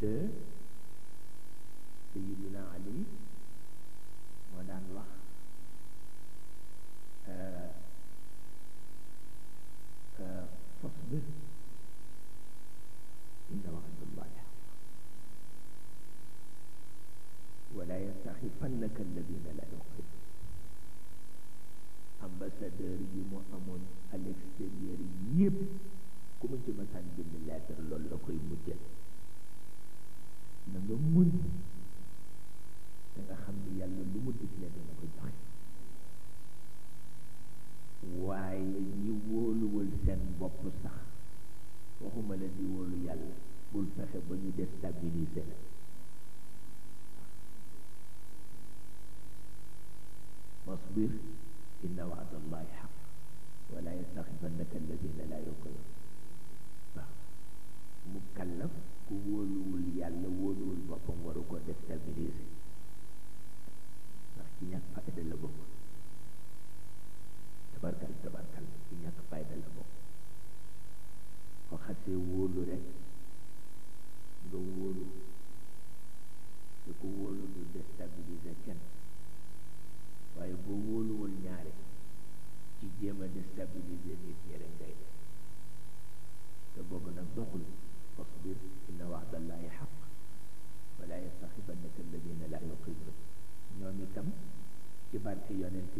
te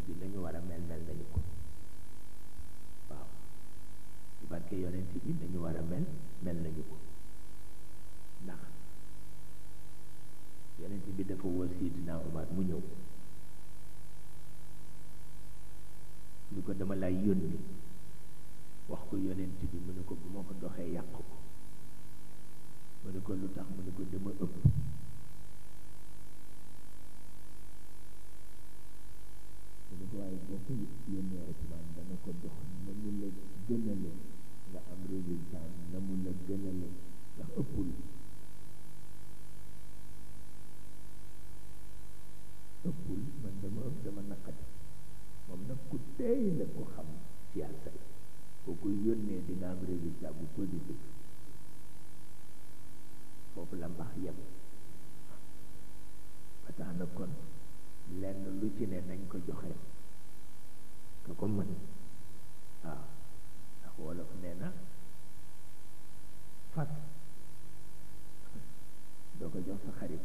bi lañu war a mel mel nañu ko waaw ci barke yonent bi lañu war a mel mel nañu ko ndax yonent bi dafa woo Sidina Umar mu ñëw ñu ko dama lay yónni wax ko yonent bi mu ne ko bu ma ko doxee yàq ko mu ne ko lu tax mu ne ko dama ëpp waaye boo ko yónnee Ousmane dana ko jox na mu la gënale nga am résultat na mu la gënale ndax ëppul ëppul man dama ëpp dama naqati moom nag ku tey la ko xam siyaasa boo ko yónnee dina am résultat bu positif foofu la mbax yem ba lenn lu ci ne nañ ko joxe na ko mën waaw ndax wolof nee na fas doo ko jox sa xarit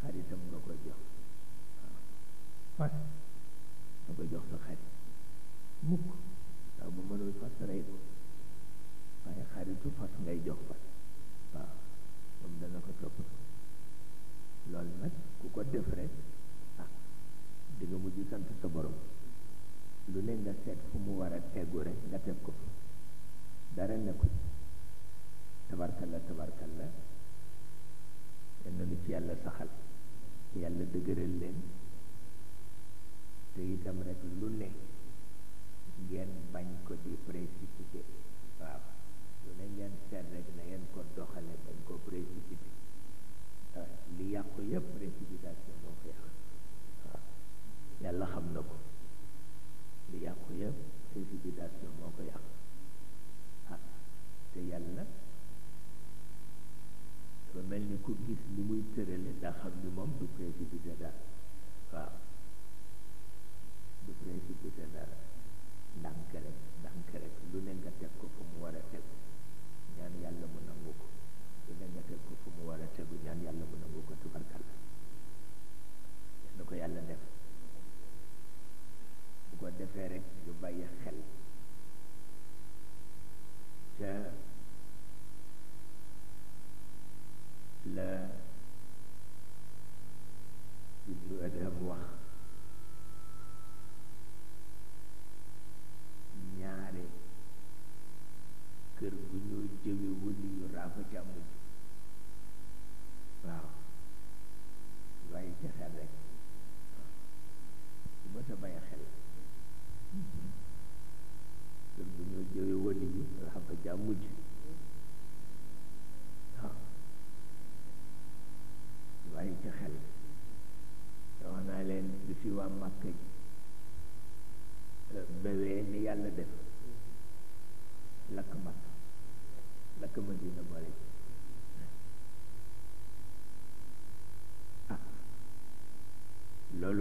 xaritam nga ko jox waaw fas nga ko jox sa xarit mukk ndax bu mënul fas rey ko waaye xaritu fas ngay jox fas waaw moom dana ko topp loolu nag ku ko def rek ah di nga mujj sant sa borom lu ne nga seet fu mu war a tegu rek nga teg ko fa dara ne nekkul tabarkalla tabarkalla kenn lu ci yàlla saxal yàlla dëgëral leen te itam rek lu ne ngeen bañ ko di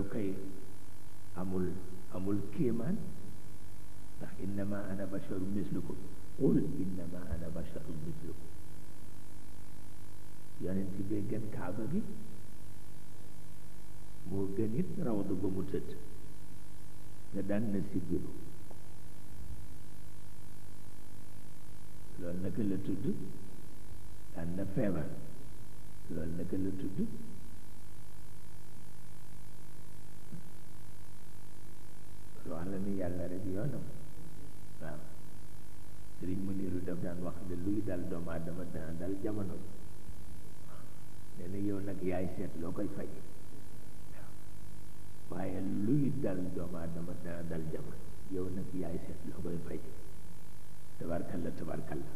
loolu kay amul amul kéemaan ndax innama ana basharu mislukum qul innama ana basharu mislukum yonent bi gën kaaba gi moo gën it rawdu ba daan na sibbiru loolu naka la tudd daan na feebar loolu naka la tudd yoo xam ne ni yàlla rek yoonam waaw sëriñ mu niru daf daan wax ne luy dal doomu aadama dana dal jamono nee na yow nag yaay seet loo koy faj waaye luy dal doomu dana dal jamono yow nag yaay seet loo koy faj tabarkalla tabarkalla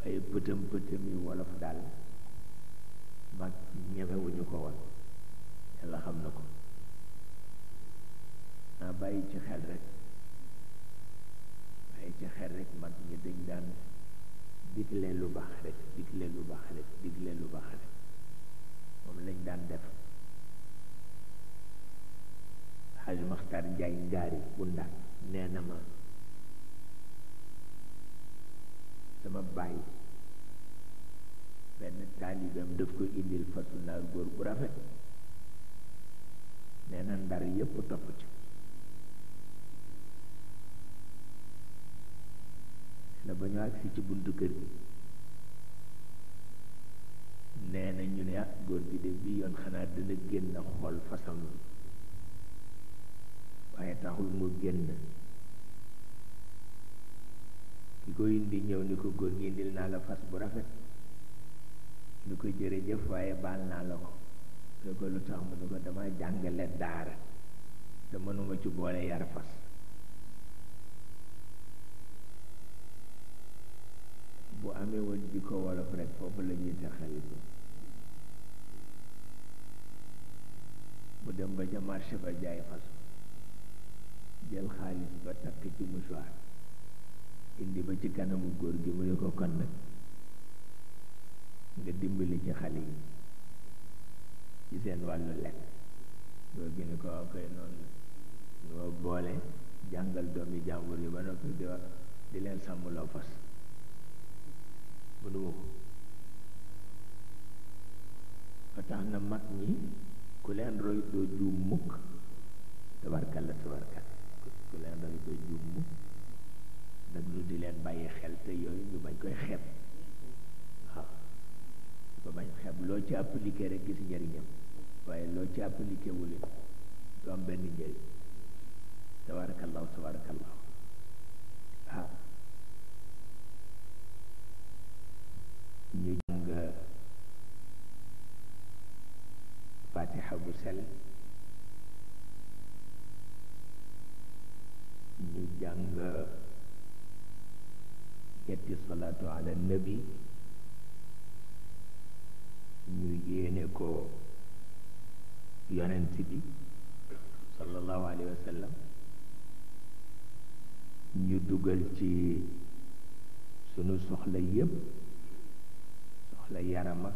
waaye pëtëm pëtëm yi wolof daal mag ñemewuñu ko woon yàlla xam na ko ah bàyyi ci xel rek bàyyi ci xel rek mag ñi dañ daan digle lu baax rek digle lu baax rek digle lu baax rek moom lañ daan def xaj maxtar njaay ngaari bu ndax nee na ma sama bàyyi benn taalibeem daf ko indil fasu naar góor bu rafet nee na ndar yépp topp ci na ba ñu agsi ci buntu kër gi nee na ñu ne ah góor gi de bii yoon xanaa dana génn xool façon waaye taxul mu génn ki ko indi ñëw ni ko góor gi indil naa la fas bu rafet ni ko jërëjëf waaye baal naa la ko lu ko lu tax mu ne ko dama jàngale daara te mënuma ci boole yar fas amee woon jikko wolof rek foofu la ñuy taxaliko mu dem ba ca marché ba jaay fas jël xaalis ba takk ci mouchoir indi ba ci kanamu góor gi mu ne ko kon nag nga dimbali ci xale yi ci seen wàllu lekk góor gi ne ko waaw kay noonu la boole jàngal doomi jàmbur yi ba noppi di wax di leen sàmmloo fas mënuma ko ba tax na mag ñi ku leen roy doo juum mukk tabarkal la tabarkal ku leen roy doo juum mukk nag lu di leen bàyyi xel te yooyu ñu bañ koy xeb waaw ba bañ xeeb loo ci liggéey rek gis njëriñam waaye loo ci appliqué wule du am benn njëriñ tabarakallahu tabarakallahu waaw ñu jàng fatiha bu sell ñu jàng ñetti salaatu ala nabi ñu yéene ko yonent bi sallallahu alayhi wa sallam ñu dugal ci sunu soxla yépp soxla yarama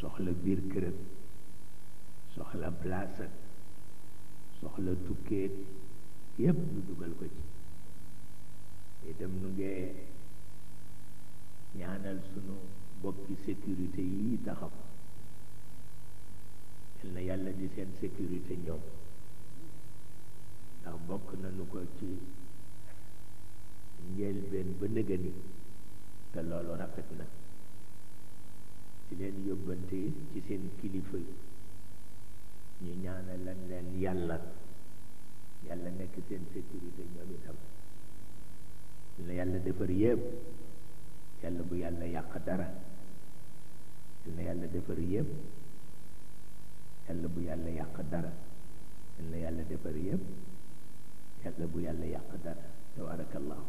soxla biir këram soxla place soxla tukkeet yépp ñu dugal ko ci dem nu ngee ñaanal sunu bokki sécurité yi taxaw mel na yàlla di seen sécurité ñëw ndax bokk nañu ko ci njëlbeen ba nëgëni te loolu rafet na ci leen yóbbante ci seen kilifa yi ñaane lañ leen yàlla yàlla nekk seen sécurité ñoom itam la yàlla defar yépp yàlla bu yàlla yàq dara la yàlla defar yépp yàlla bu yàlla yàq dara la yàlla defar yépp yàlla bu yàlla yàq dara tabarakallahu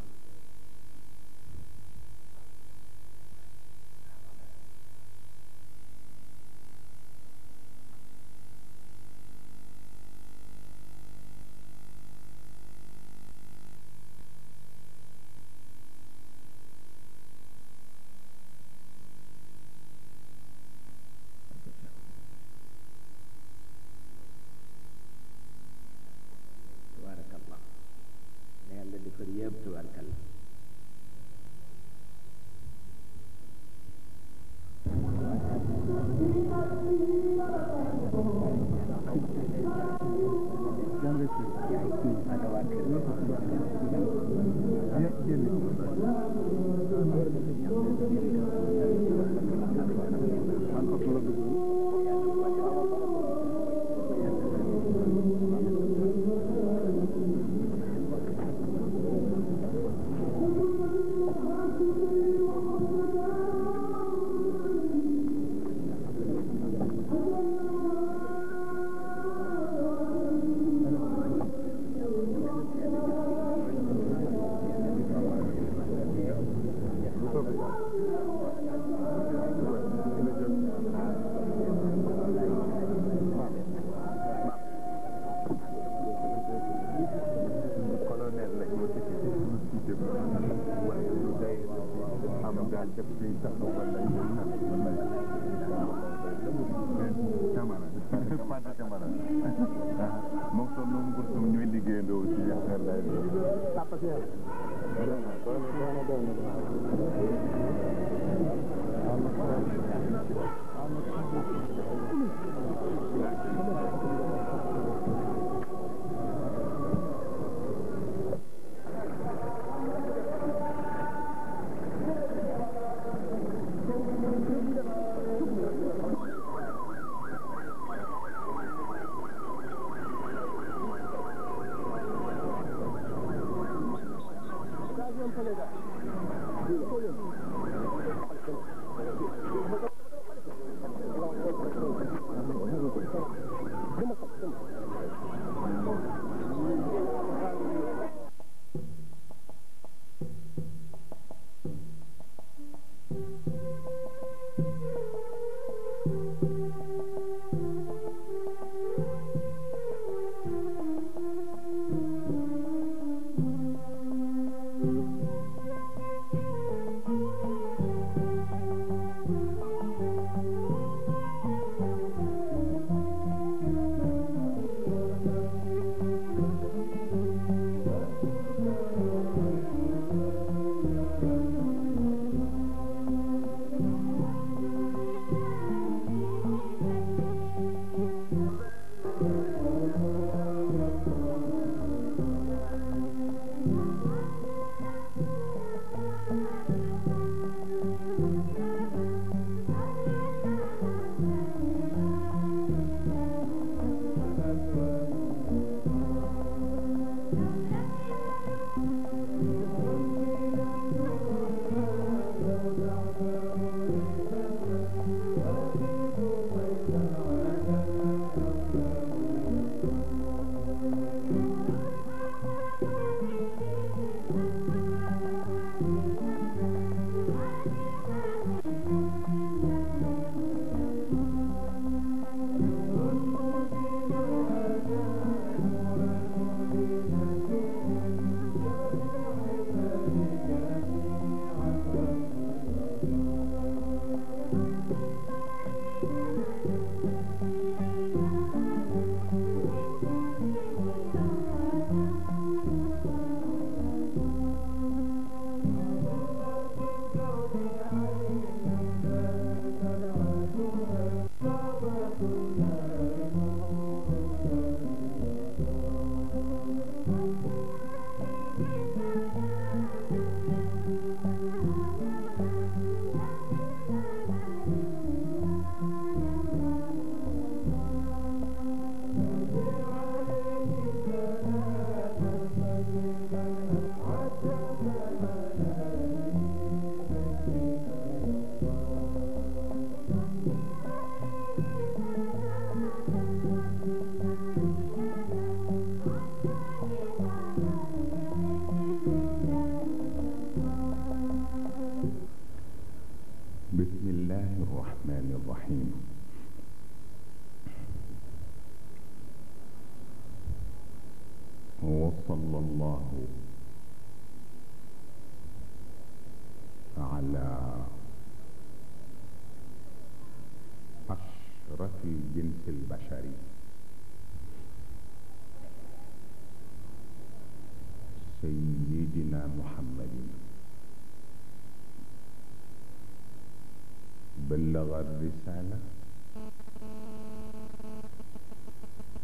بلغ الرسالة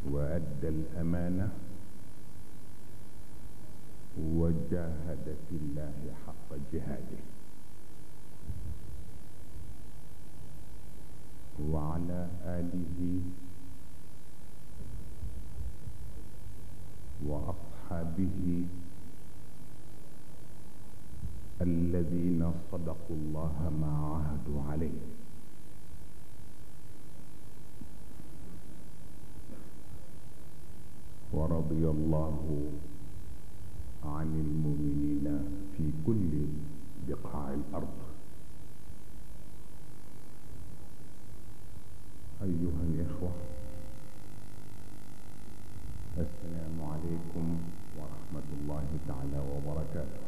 وأدى الأمانة وجاهد في الله حق جهاده وعلى آله وأصحابه الذين صدقوا الله ما عهدوا عليه ورضي الله عن المؤمنين في كل بقاع الأرض أيها الإخوة السلام عليكم ورحمة الله تعالى وبركاته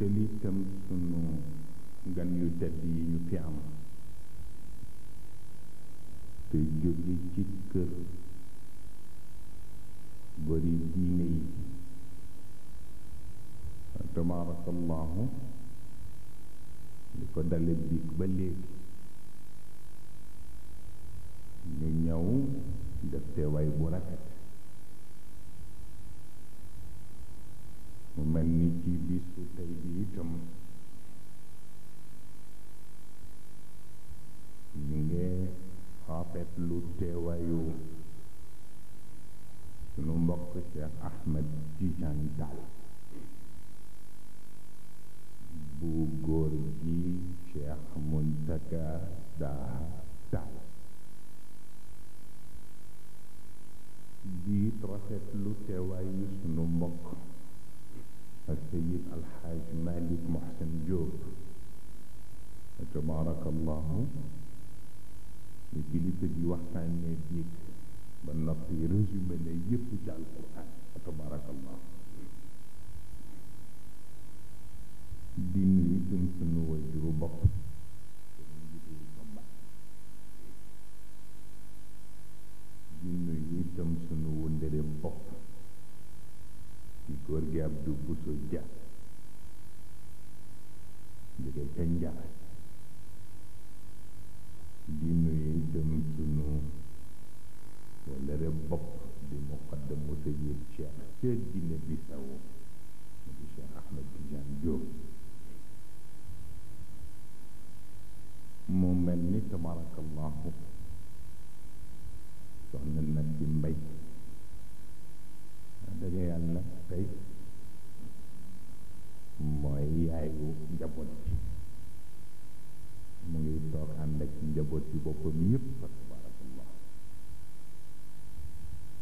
te li tam sunu ngan yu tedd yi ñu fi am te jóge ci kër bari diine yi tabarakallahu li ko dale biig ba léegi ñu ñëw def teewaay bu rafet ci bisu tey bi itam ñu ngi rafet lu teewayu sunu mbokk Cheikh Ahmed Tidiane Tall bu góor gi Cheikh Muntaka Daha Tall di rafet lu teewayu sunu mbokk السيد الحاج مالك محسن جوب تبارك الله لكي تجي وحسن يديك بل نطي رزم ليبتجع القرآن تبارك الله ديني تنسن وجه بقص dubu sojak daga canja dinu yi tam sunu wala re bopp di muqaddamu sayyid cheikh ca dina bisawo mu di cheikh ahmed tidiane diop mu mel ni tabarakallahu soxna nag ci mbay wax dëgg yàlla tey Moy yaayu njaboot bi mu ngi toog ànd ak njaboot bi boppam yépp fa tabarakallah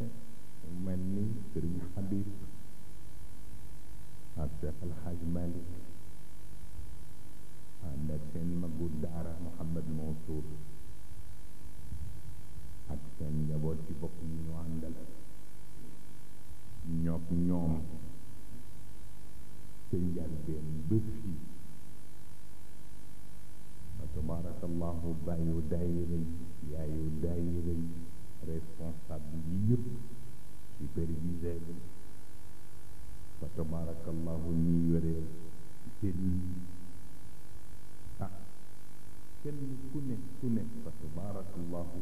eh, mel ni sëriñ ak cheikh alxaaj malik ànd ak seen magu daara mohammad mansour ak seen njaboot ci bopp ñu àndal ñoog ca njàlbeen ba fii fa tabarakallahu bàyyu daayira yi yaayu daayira yi responsable yi yëpp superviseur yi fa tabarakallahu ñuy yore seen ah kenn ku ne ku ne fa tabarakallahu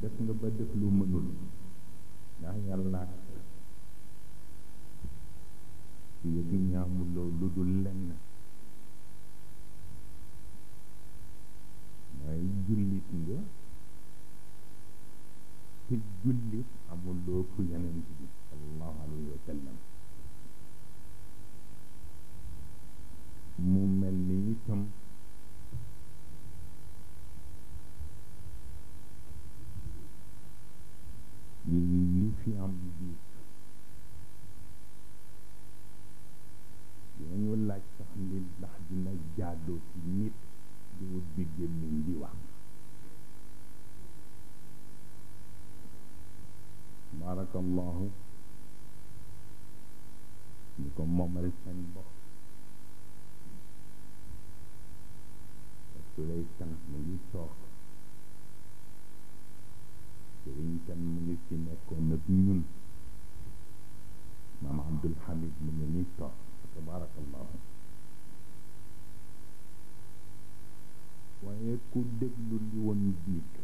def nga ba def lu mënul ndax yàlla yëfi ñaamuloo lu dul lenn mooy jullit nga te jullit amuloo ku yonent bi sallallahu alayhi wa mu mel ni itam الله بكم ممر تنبو سوليك كان مجي سوك سوليك كان مجي سينيكو نبنيون مام عبد الحميد من نيسوك تبارك الله ويكون دبلو لي ونبيك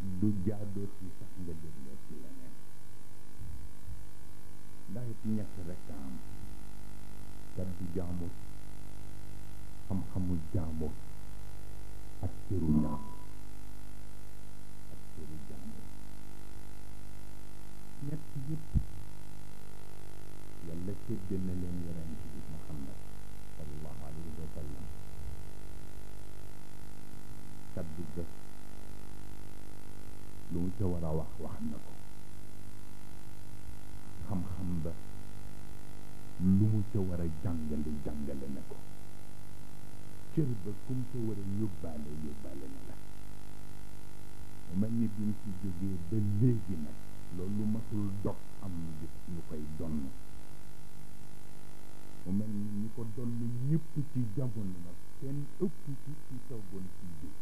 du jaadoot yi sax nga dégloo ci leneen ndax it ñett rek am kaddu jaamur xam-xamu jaamur ak cëru jaamur ak cëru jaamur ñett yëpp yàlla sédde na leen yonent bi Muhammad sallallahu alayhi wa sallam kaddu gëstu lu mu ca war a wax wax na ko xam-xam ba lu mu ca war a jàngale jàngale na ko cër ba ku mu ca war a yóbbaale yóbbaale na la mu mel ni bi mu ci jógee ba léegi nag loolu masul dog am ñu ñu koy donn mu mel ni ñu ko donn ñëpp ci jamono nag kenn ëpp ci ci toogoon ci biir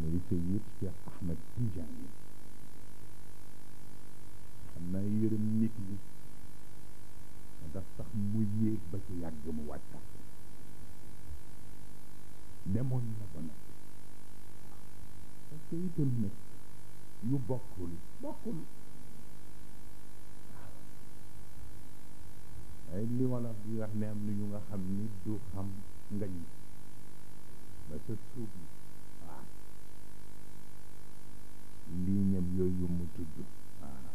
ليس يطفئ أحمد تجاني xam naa yërëm nit ñi ndax sax mu yéeg ba ci yàgg mu wàcca demoon na ko nag parce que itam nag yu bokkul bokkul ay li wolof di wax ne am na ñu nga xam ni du xam ngañ ba sa suuf yi yu mu tudd waaw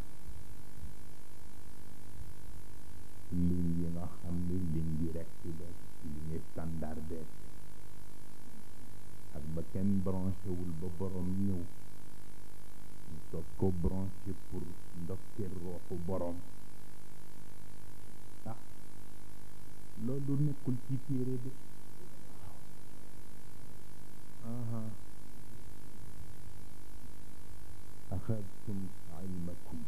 lim yi nga xam ni lim bi rek ci des li ñu standardé ak ba kenn branché wul ba borom ñëw ñu soog ko branché pour ndokkeel rooxu borom ah loolu nekkul ci téere de waaw أخذتم علمكم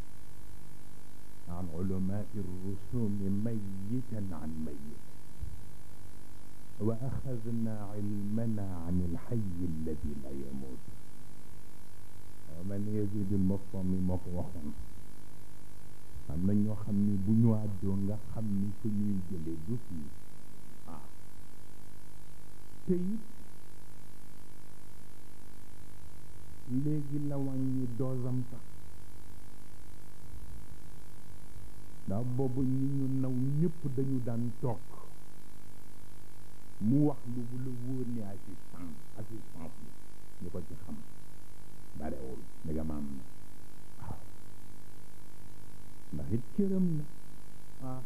عن علماء الرسوم ميتا عن ميت وأخذنا علمنا عن الحي الذي لا يموت ومن يزيد المفهم مفرحا am من يخمي xam ni bu ñu àddoo nga léegi la wàññi doosam sax ndax boobu ñi ñu naw ñëpp dañu daan toog mu wax lu bu la wóor ne assistance assistance bi ñu ko ci xam barewul ndega maam na waaw ndax it këram na ah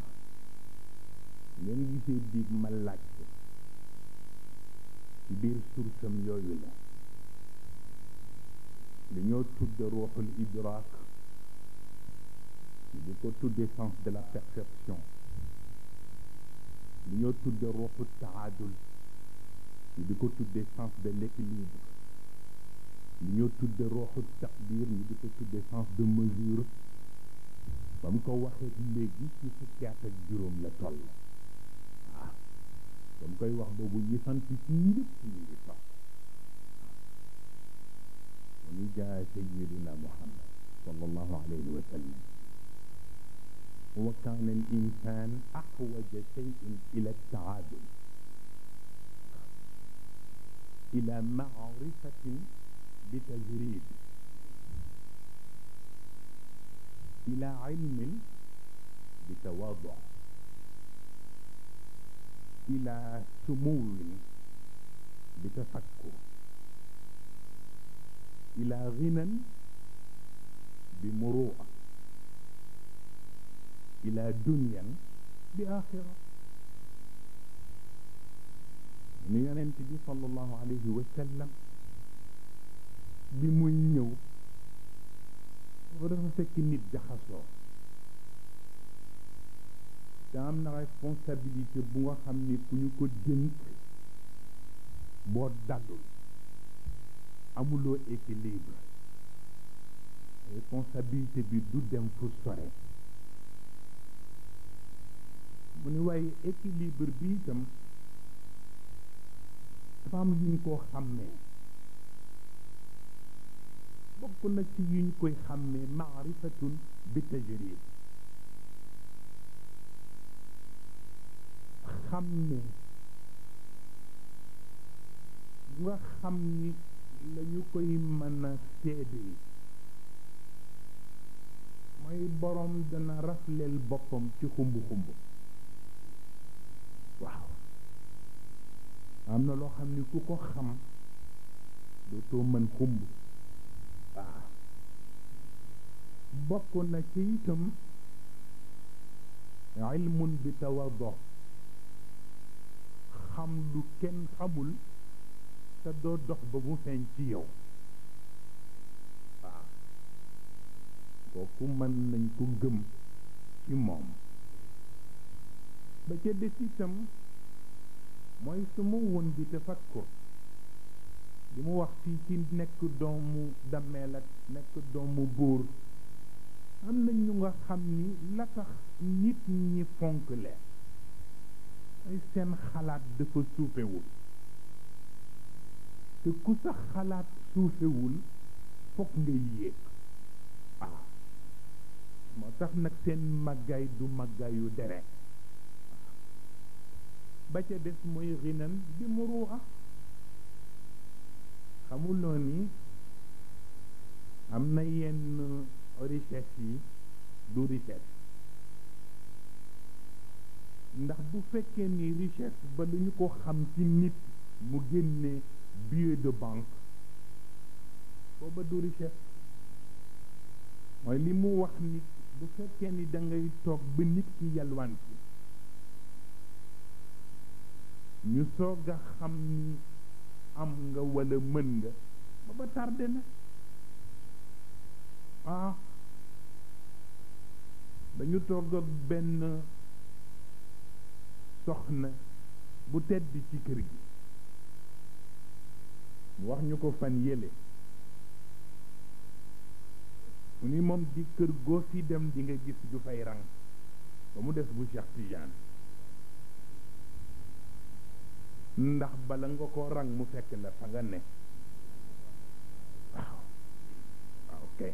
ngeen gisee biib ma laajte ci biir sursam yooyu la lu ñoo tudde ruuxul idraak ñu di ko tudde sens de la perception lu ñoo tudde ruuxul taadul ñu di ko tudde sens de l'équilibre lu ñoo tudde ruuxul taqdir ñu di ko tudde sens de mesure ba mu ko waxee léegi ci fukki at ak juróom la toll waaw ba mu koy wax boobu ñi sant ci ñëpp ñu ngi topp ونجا سيدنا محمد صلى الله عليه وسلم وكان الإنسان أحوج شيء إلى التعادل إلى معرفة بتجريد إلى علم بتواضع إلى سمو بتفكر إلى غنى بمروءة إلى دنيا بآخرة يونent bi sallallahu alayhi wa sallam bi muy ñëw dafa fekk nit jaxasoo te am na responsabilité bu nga xam ni ku ñu ko dénk boo dàddul boulot équilibre responsabilité du doute fu sore mu ni waaye équilibre bi itam dafa am yuñ xàmmee na ci koy lañu koy mën a seede mooy boroom dana rafleel boppam ci xumb-xumb waaw am na loo xam ni ku ko xam dootoo mën xumb waaw bokk na ci itam ilmun bi tawado xam lu kenn xamul te doo dox ba mu feeñ ci yow waaw kooku mën nañ ko gëm ci moom ba ca des itam mooy suma won bi te fat ko li mu wax fii ci nekk doomu dameel ak nekk doomu buur am na ñu nga xam ni la tax nit ñi fonk leen ay seen xalaat dafa suupewul te ku sa xalaat suufewul foog ngay yéeg waaw moo tax nag seen màggaay du màggaayu dere ba ca des mooy rinan bi mu ruuxa xamul noo ni am na yenn richesse yi du richesse ndax bu fekkee ni richesse ba lu ñu ko xam ci nit mu génnee billet de banque booba du chef, mooy li mu wax ni bu fekkee ni da ngay toog ba nit ki yalwaan ci ñu xam ni am nga wala mën nga booba tardé na ah dañu toog ak ben soxna bu tedd ci kër gi mu wax ñu ko fan yële mu ni moom di kër goo dem di nga gis du fay rang ba mu des bu Cheikh Tidiane ndax bala nga ko rang mu fekk la fa nga ne waaw waaw ah, waaw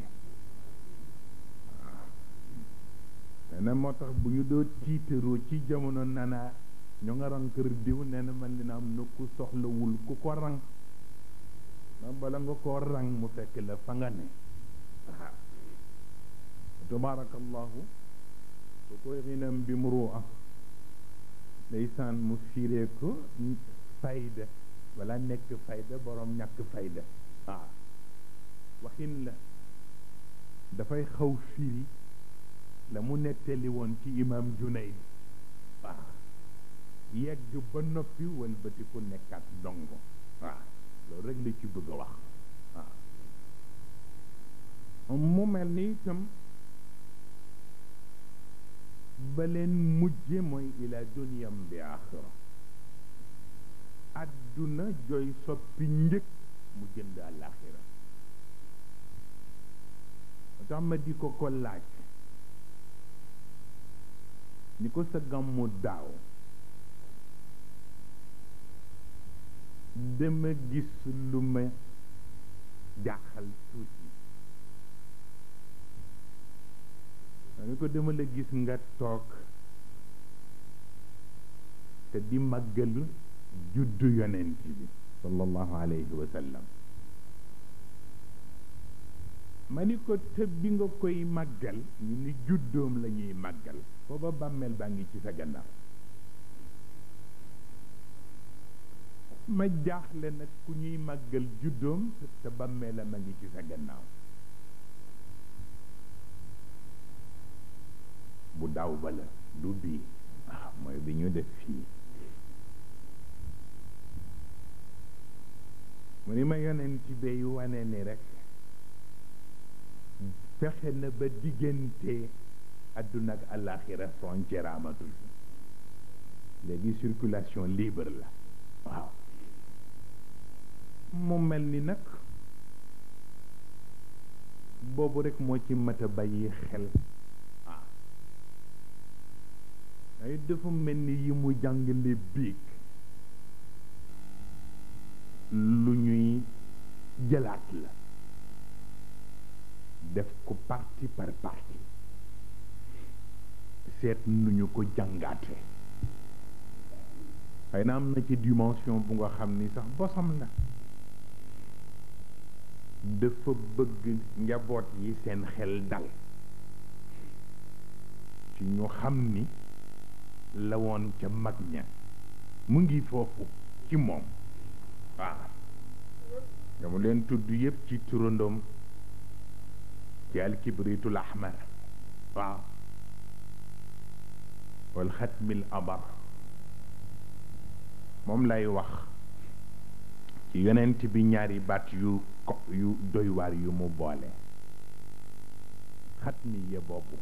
ah. nee moo tax bu ñu doo tiitaroo ci jamono nana ñu nga rang kër diw nee na man dina am na ku soxlawul ku ko rang ma bala nga koo rang mu fekk la fa nga ne waaw tabarakallahu su koy xinam bi muru a ndeysaan mu fiiree ko fayda wala nekk fayda borom ñàkk fayda waaw waxin la dafay xaw firi la mu nettali woon ci imam junayd waaw yegg ba noppi wëlbatiku nekkaat dongo waaw loolu rek la ci bëgg a wax waaw mu mel ni itam ba leen mujje mooy ila duniyam bi axira adduna jooy soppi njëkk mu jënd àllaaxira tax ma di ko ko laaj ni ko sa gàmmu daaw dama gis lu ma jaaxal tuuti ma ne ko dama gis nga toog te di màggalu juddu yonent bi sallallahu alayhi wa ma ni ko tëb bi nga koy màggal ñu ni juddoom la ñuy màggal bàmmeel baa ngi ci sa gannaaw ma jaaxle nag ku ñuy màggal juddoom te bàmmeelam a ngi ci sa gannaaw bu daw ba la du bii ah, mooy bi ñu def fii mu ni ma yonent bay wane ni rekk fexe na ba diggante àdduna ak àllaaxira frontière amatul léegi circulation libre la waaw mu mel ni nag boobu rekk moo ci mat a bàyyi xel ah ay dafa mel ni yi mu jàngale biig lu ñuy jëlaat la def ko parti par parti seet nu ñu ko jàngaate xëy na am na ci dimension bu nga xam ni sax bosam la dafa bëgg njaboot yi seen xel dal ci ñu xam ni lawoon ca mag ña mu ngi foofu ci moom waaw nga mu leen tudd yépp ci turandoom ci alkibritul ahmar waaw wal abar moom lay wax yonent bi ñaari baat yu ko yu doy yu mu boole xatmiye boobu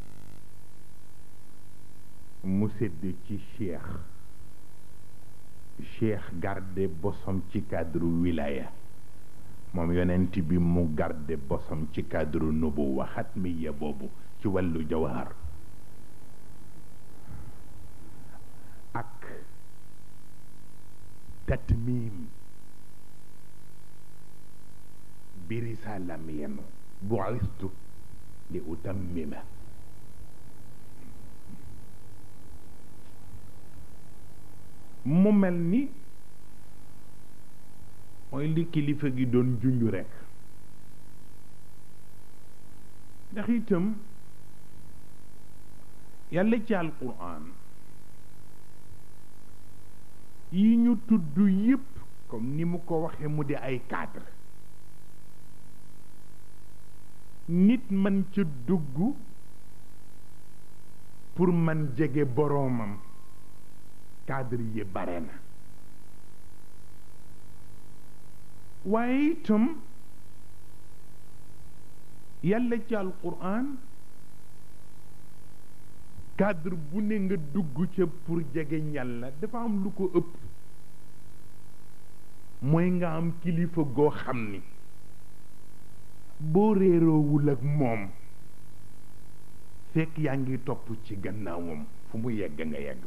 mu sédd ci cheikh cheikh garde bosom ci cadre wilaya moom yonent bi mu garde bosom ci cadre nubuwa xatmiye boobu ci wàllu jawhar ak tatmim برسالة مهمة بعثت لأتممه mu mel ni mooy li kilifa gi doon junj rekk ndax itam yàlla ci alquran yi ñu tudd yépp comme ni mu ko waxe mu di ay cadre nit mën ca dugg pour man jege boroomam cadre yi bare na waaye itam yàlla ci alquran cadre bu ne nga dugg ca pour jege yàlla dafa am lu ko ëpp mooy nga am kilifa goo xam ni boo réeroowul ak moom fekk yaa ngi topp ci gannaawam fu mu yegg nga yegg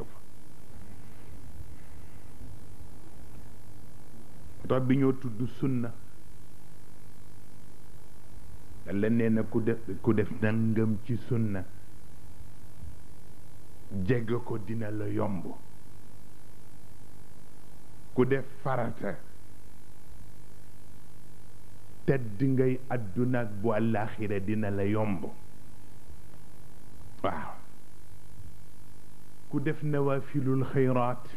fa toog bi ñoo tudd sunna Yàlla nee ku def ku def nangam ci sunna jege ko dina la yomb ku def farata تد غي ادنا بو الاخره دينا لا يوم واو كو ديف نوافل الخيرات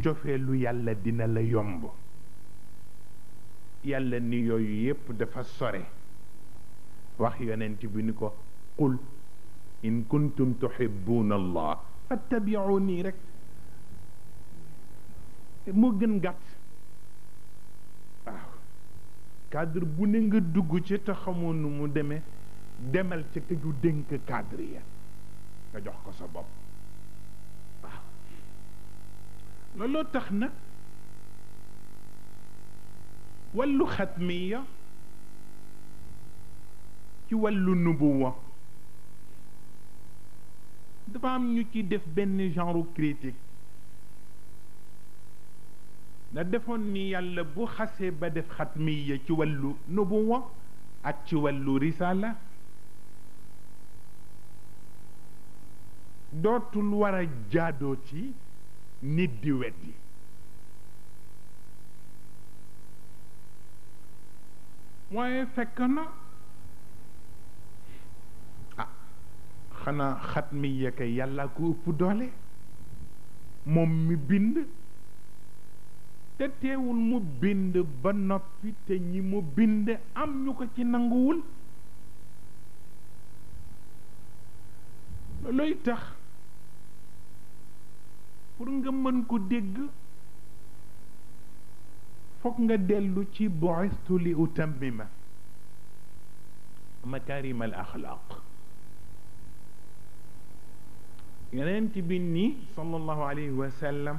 جوفيلو يالا دينا يالا ني يويو ييب دافا سوري واخ يوننتي قل ان كنتم تحبون الله فاتبعوني رك مو غن cadre bu ne nga dugg ci te xamoon nu mu deme demal ca ka ju dénk cadre ya nga jox ko sa bopp waaw looloo tax nag wàllu xatmiya ci wàllu nubuwa dafa am ñu ci def benn genre critique da defon ni yàlla bu xasse ba def khatmiya ci walu nubuwa ak ci walu risala dotul wara jado ci nit di weddi waaye fekkana ah xana khatmiya kay yàlla ko upp doole mom mi bind te teewul mu bind ba noppi te ñi mu bind am ñu ko ci nanguwul looy tax pour nga mën ko dégg foog nga dellu ci bu'istu li utammima makarim al axlaaq yonent bi ni sallallahu alayhi wa sallam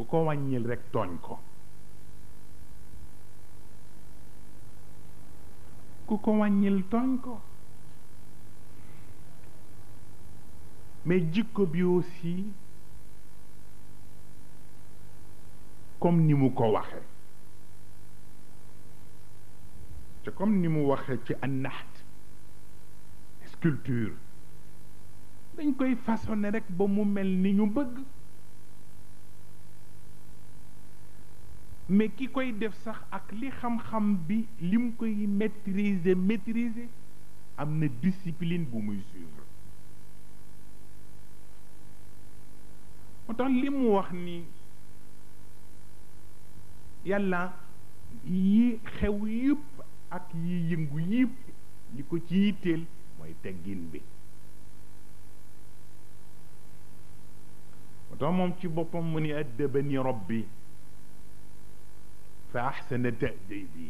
ku ko wàññil rek tooñ ko ku ko wàññil tooñ ko mais jikko bi aussi kom ni mu ko waxe te comme ni mu ci annaxt sculpture dañ koy façonné rek ba mu mel ni ñu bëgg mais ki koy def sax ak li xam-xam bi li mu koy maîtriser maîtriser am na discipline bu muy suivre moo tax li mu wax ni yàlla yi xew yëpp ak yi yëngu yëpp li ko ci yitteel mooy teggin bi moo tax moom ci boppam mu ni addabani rabbi fa axsana tadibi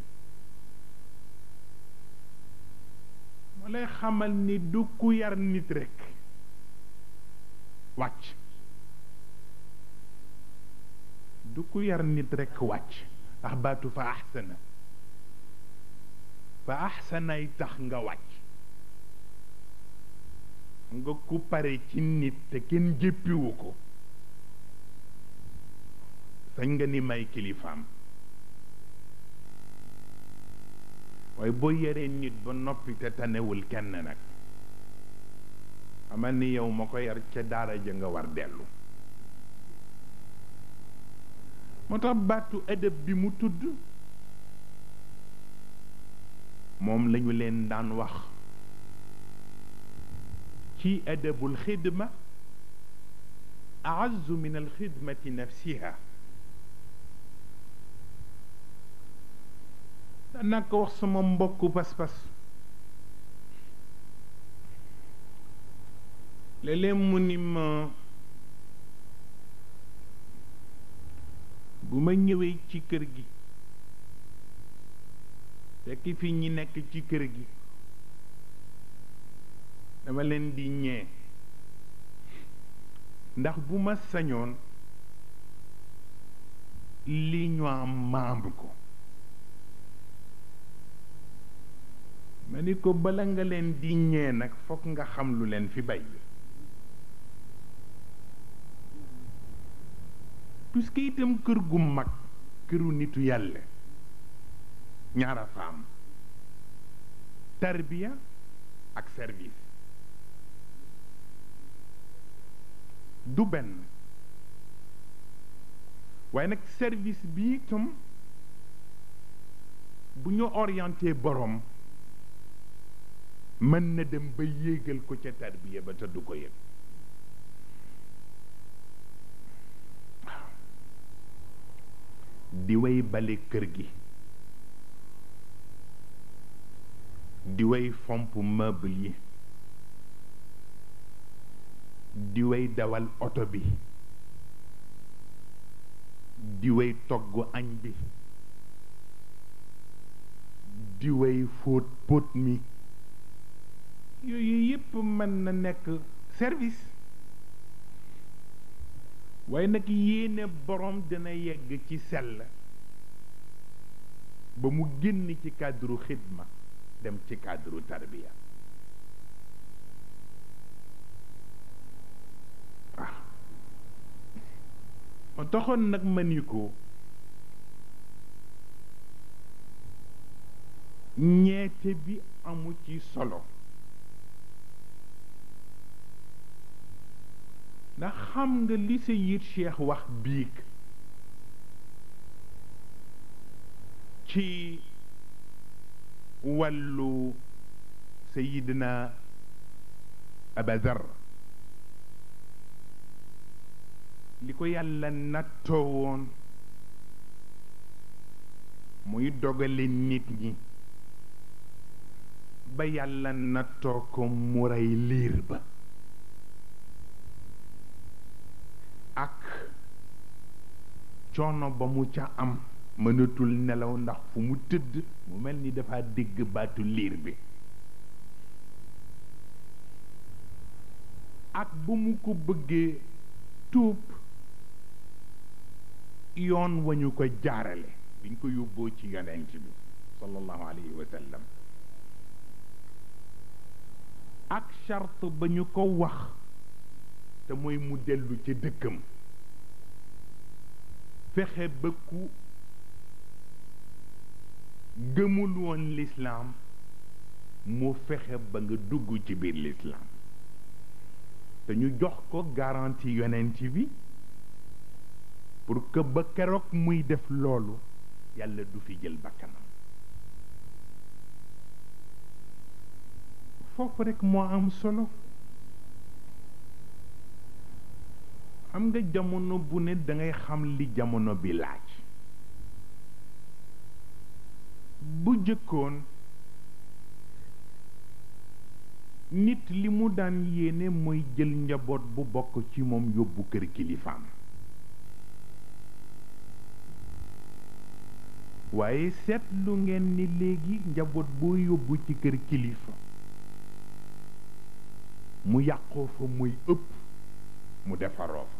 moo lay xamal ni du ku yar nit rek wàcc du ku yar nit rek wàcc ndax baatu fa axsana fa axsanay tax nga wàcc nga ku pare ci nit te kenn jéppiwu ko sañ nga ni may kilifaam waaye boo yaree nit ba noppi te tanewul kenn nag amal ni yow ma ko yar ca daara ja nga war dellu moo tax baatu adab bi mu tudd moom lañu leen daan wax ci adabul xidma a'azzu min al xidmati nafsiha na ko wax sama mbokk pas-pas léeg mu ni ma bu ma ñëwee ci kër gi fekk fi ñi nekk ci kër gi dama leen di ñee ndax bu ma sañoon li ñu am maam ko mel ni ko bala nga leen di ñee nag foog nga xam lu leen fi bay puisque itam kër gu mag këru nitu yàlla ñaara faam tarbiya ak service du benn waaye nag service bi itam bu ñu orienté boroom mën na dem ba yéegal ko ca tarbiya ba te du ko yëg di way bale kër gi di way fomp meuble yi di way dawal oto bi di way togg añ bi di way fóot póot mi yooyu yëpp mën na nekk service waaye nag yéene borom dina yegg ci sell ba mu génn ci cadre xidma dem ci cadre tarbiya waaw ah. toxoon nag ma ni ko ñeete bi amu ci solo ndax xam nga li sa seex wax biig ci wàllu sayidna abazar li ko yàlla nattoo woon muy dogale nit ñi ba yàlla nattoo ko mu liir ba coono ba mu ca am mënatul nelaw ndax fu mu tëdd mu mel ni dafa dégg baatu liir bi ak ba mu ko bëggee tuub yoon wa ñu ko jaarale biñ ko yóbboo ci yonent bi sallallahu alayhi wa ak charte ba ñu ko wax te mooy mu dellu ci dëkkam fexe ba ku gëmul woon lislaam mu fexe ba nga dugg ci biir lislaam te ñu jox ko garantie yonent bi pour que ba keroog muy def loolu yàlla du fi jël bakkanam foofu rekk moo am solo xam nga jamono bu ne dangay xam li jamono bi laaj bu jëkkoon nit li mu daan yéene mooy jël njaboot bu bokk ci moom yóbbu kër kilifaam waaye seetlu ngeen ni léegi njaboot boo yóbbu ci kër kilifa mu yàqoo fa muy ëpp mu defaroo fa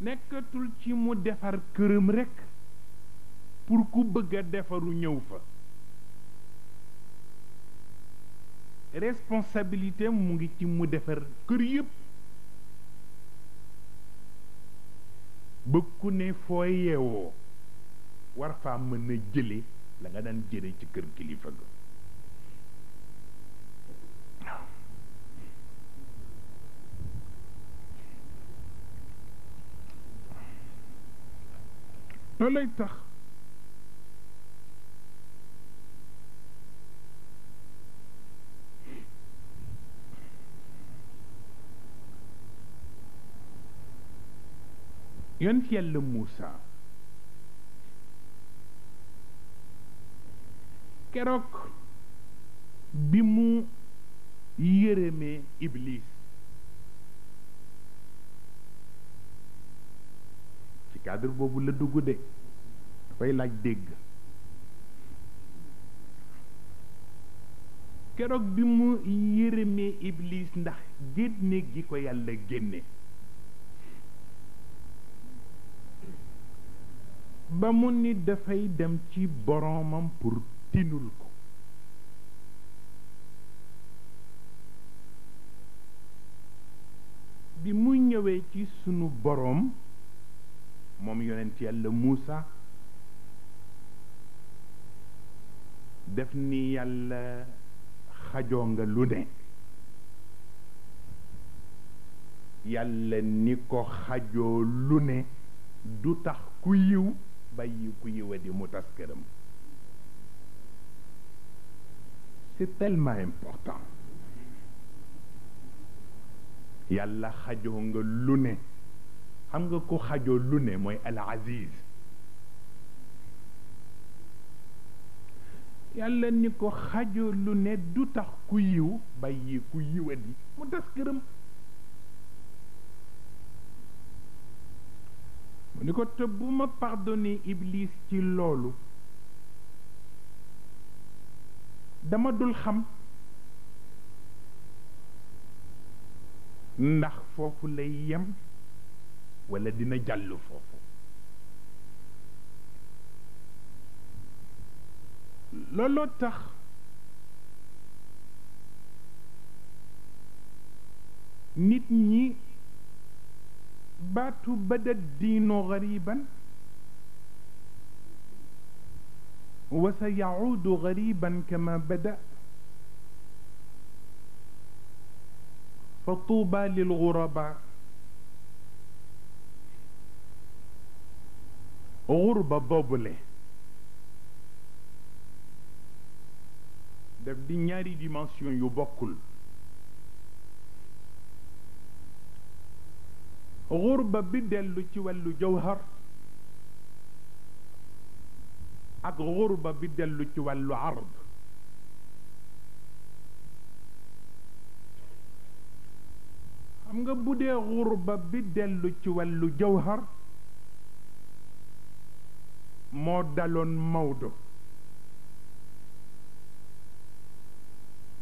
nekkatul ci mu defar këram rekk pour ku bëgga a defaru ñëw fa responsabilité mu ngi ci mu defar kër yépp ba ku ne foo yeewoo war faa mën a jële la nga daan jële ci kër kilifa ga loolay tax yonent yàlla Muusa keroog bi mu yërëmee Iblis cadre boobu la dugg de dafay laaj dégg keroog bi mu yërëmee iblis ndax génne gi ko yàlla génne ba mu ni dafay dem ci boroomam pour tinul ko bi mu ñëwee ci sunu boroom mom yonent yàlla Muusa def ni yalla xajoo nga lu ne ni ko xajoo lu ne du tax ku yiw bàyyi ku yiwa di c'est tellement important yalla xajoo nga lu ne xam nga ko xajoo lu ne mooy al yàlla ni ko xajoo lu ne du tax ku yiw bàyyi ku yi mu tas këram mu ni ko te bu ma pardonné iblis ci loolu dama dul xam ndax foofu lay yem wala dina jàll foofu looloo tax nit ñi baatu badat diinu gariban wa sa yacuudu gariban kama bada fa tuuba lil guraba xurba boobule def di ñaari dimension yu bokkul xurba bi dellu ci wàllu jawhar ak xurba bi dellu ci wàllu ard xam nga bu dee xurba bi dellu ci wàllu jawhar moo daloon Maodo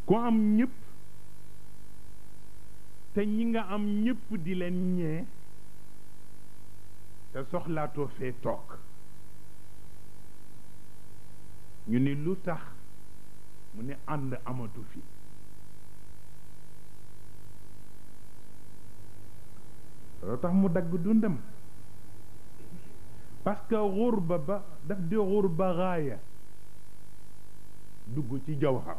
ku am ñëpp te ñi nga am ñépp di leen ñee te soxlaatoo fee toog ñu ni lu tax mu ne ànd amatu fi loo tax mu dagg dundam parce que xurba ba daf di xurba gaaya dugg ci jawhar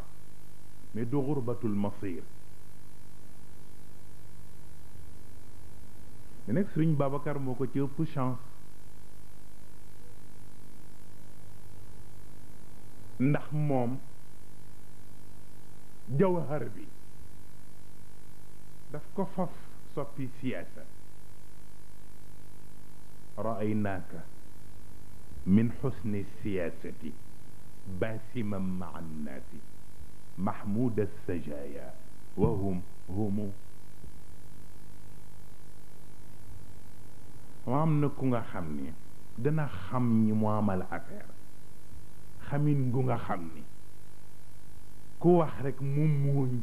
mais du xurbatul masir mais nag sëriñ Babacar moo ko ci ëpp chance ndax moom jawhar bi daf ko faf soppi siyaasa ra'aynaaka من حسن السياسة باسما مع الناس محمود السجايا وهم هم وام نكونا خمني دنا خمني موامل أفير خمين نكونا خمني كو أحرك مموني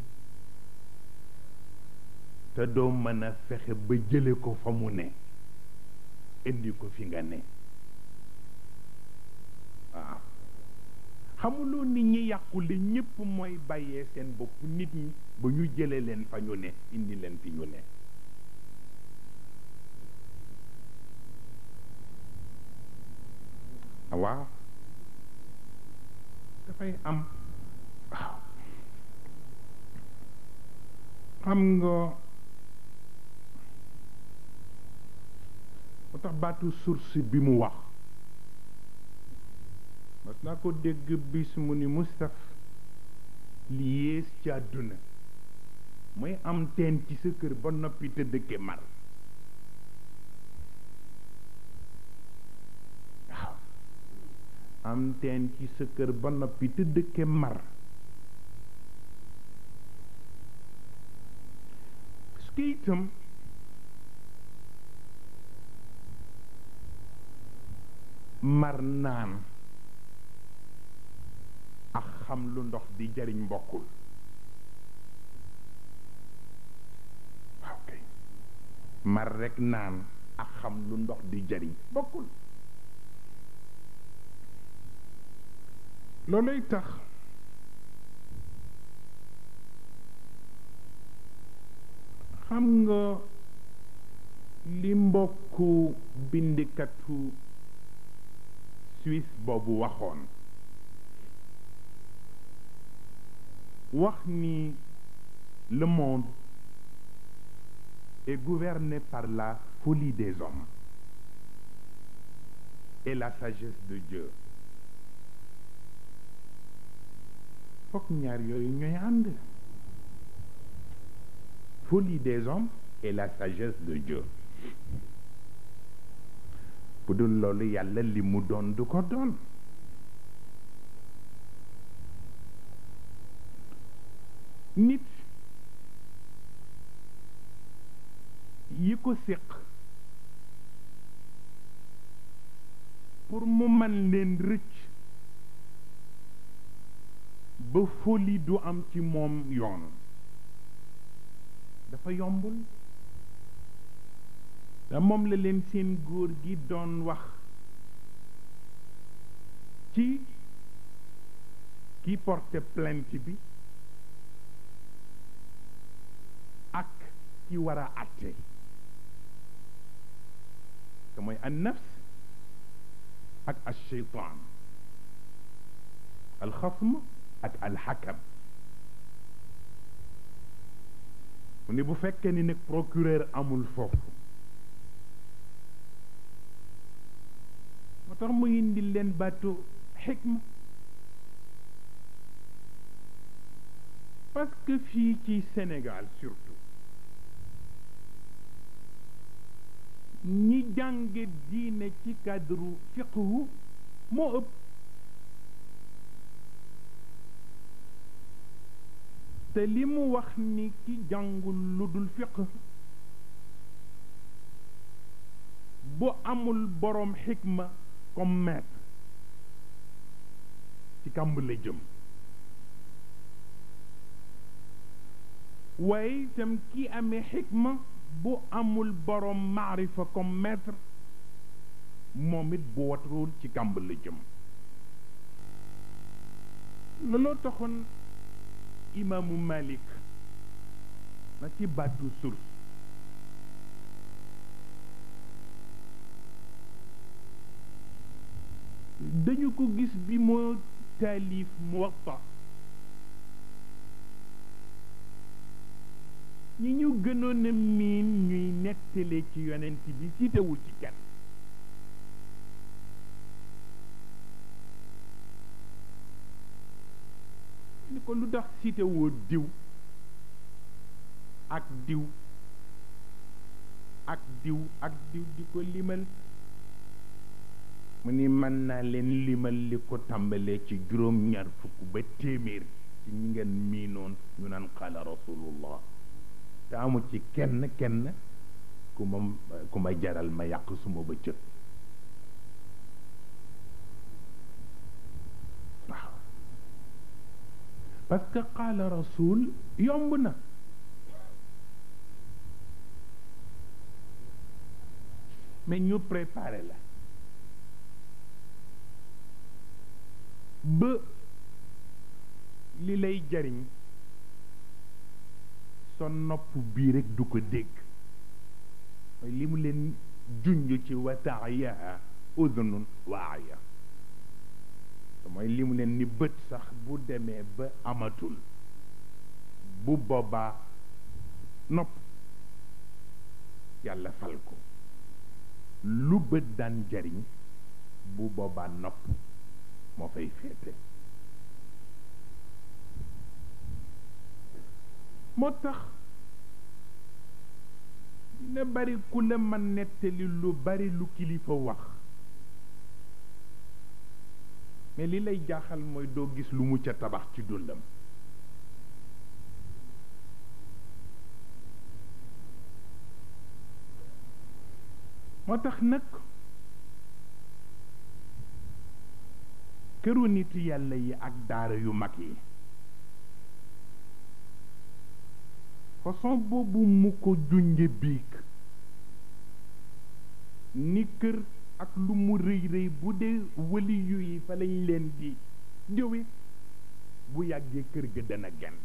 تدوم منا فخي بجلكو فموني indi كو fi waaw xamuloo nit ñi yàqule ñépp mooy bàyyee seen bopp nit ñi ba ñu jëlee leen fa ñu indi leen fi ñu ne waaw dafay am xam nga moo tax baatu source bi mu wax mas naa ko dégg bis mu ni Moustapha li yées ci àdduna mooy am teen ci sa kër ba noppi te dëkke mar waaw am ci kër ba noppi te mar parce itam mar naan xam lu ndox di jariñ mbokkul waaw mar rekk naan ak xam lu ndox di jariñ bokkul loolay tax xam nga li mbokku bindikatu Suisse boobu waxoon le monde est gouverné par la folie des hommes et la sagesse de Dieu folie des hommes et la sagesse de Dieu pour de nit yi ko séq pour mu man leen rëcc ba folie du am ci moom yoon dafa yombul da moom la leen seen góor gi doon wax ci ki porte plainte bi ki wara atte te moy an nafs ak al shaytan al khasm ak al hakam ni bu fekke ni nek procureur amul fofu moo tax mu indi len batu hikma parce que fi ci Sénégal surtout ñi jànge diine ci cadre fiqhu moo ëpp te limu wax ni ki jàngul lu dul fiq bu amul boroom xikma comme maître ci kàmb la jëm waaye itam ki amee xikma bu amul borom maarifa comme maître momit it bu watuwul ci kàmb la jëm lolo taxone imam malik na ci baatu sur dañu ko gis bi mo talif muwatta ñi ñu gënoon a miin ñuy nettale ci yonent bi siitewul ci kenn ni ko lu tax siitewoo diw ak diw ak diw di ko limal mu ni mën naa leen limal li ko tàmbalee ci juróom ñaar fukk ba téeméer ci ñi ngeen miinoon ñu naan qaala rasulullah te amul ci kenn kenn ku ma ku ma jaral ma yàq suma bëccëg parce que qaala rasul yomb na mais préparé la ba li lay jariñ sa nopp bii rek du ko dégg mooy li mu leen junj ci wataayaa udunun waaya mooy li mu leen ni bët sax bu demee ba amatul bu booba nopp yàlla fal ko lu bët daan jariñ bu boobaa nopp moo fay féete moo tax dina bari ku la ma nettali lu bari lu kilifa wax mais li lay jaaxal mooy doo gis lu mu ca tabax ci dundam moo tax nag këru nit yàlla yi ak daara yu mag yi façon boobu mu ko junje biig ni kër ak lu mu rëy rëy bu dee wëli yi fa lañ leen di jëwe bu yàggee kër ga dana gent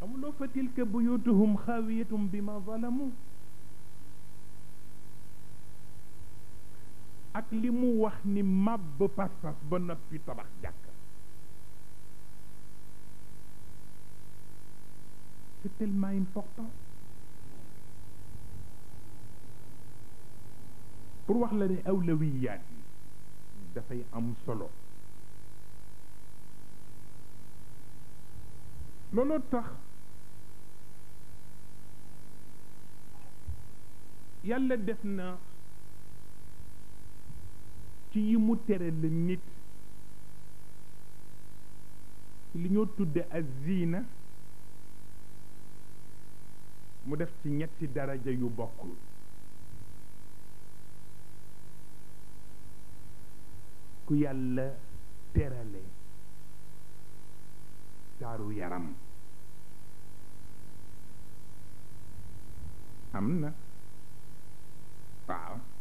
xamuloo fa tilka buyutuhum xaawiyatum bi ma zalamu ak li mu wax ni màbb pas ba noppi tabax jàkk c'est tellement important pour wax la ne il yi dafay un solo L'autre, looloo tax yàlla def na ci yi mu tere la nit li ñoo tudde azina mu def ci ñetti daraja yu bokkul ku yàlla terale taaru yaram am na waaw